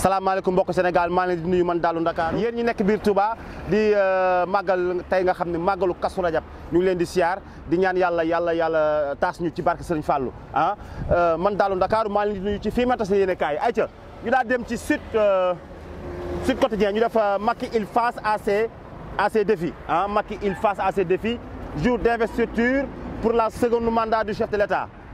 salaamaaleykum bokk Sénégal maa ngi nuyu man dalu dakar yéen ñi nek biir Touba di euh, magal tay nga xamni magalu màggalu Kazu Rajab ñu ngi leen di siyaar di ñaan yalla yalla yalla taas ñu ci barke serigne fallu han ah. euh, man dalu dakar maa ngi nuyu ci fi ma yene kay kaay ayca ñu da dem ci site euh, site quotidien ñu def Macky il face à ses à ses défis ah Macky il face à ses défis jour d'investiture pour la seconde mandat du chef de l'État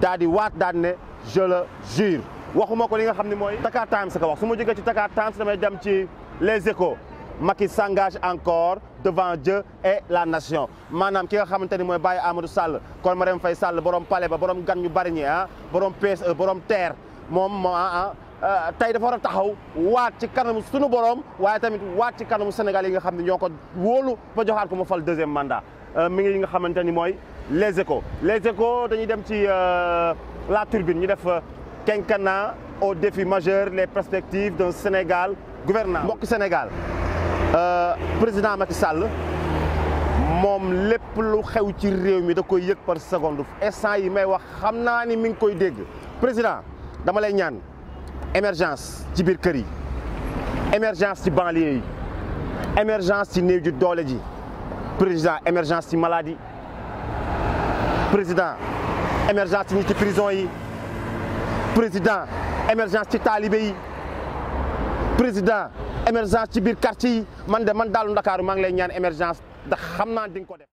dadi wat waat ne je le jure waxuma ko li nga xam moy mooy Dakar Times sa wax suma ma ci Dakar Times damay dem ci les échos Macky s'engage encore devant Dieu et la nation manam ki nga xamante moy mooy Baye Amadou Sall kon Marème fay Sall borom palais ba borom gan ñu bari ñi ah borom PSE borom terre mom moo ah, ah euh, dafa war taxaw wat ci kanamu sunu borom waye tamit wat ci kanamu Sénégal yi nga xam ñoko wolu ba joxat ko mu fal deuxième mandat euh, mi nga xamante moy les échos les échos dañuy dem ci euh, la turbine. ñu def euh, quinquennat au défi majeur, les perspectives d'un Sénégal gouvernant mbokk Sénégal euh, président Macky Sall moom lépp lu xew ci réew mi da koy yëg par seconde instant yi may wax xam naa ni mi ngi koy dégg président dama lay ñaan émergence ci biir kër yi émergence ci banlieue yi émergence ci néew ji doole ji président émergence ci maladie président émergence ci ñi ci prison yi président émergence ci taalibe yi président émergence ci biir quartier yi man de man daalu Ndakaaru maa ngi lay ñaan émergence ndax xam naa di ko def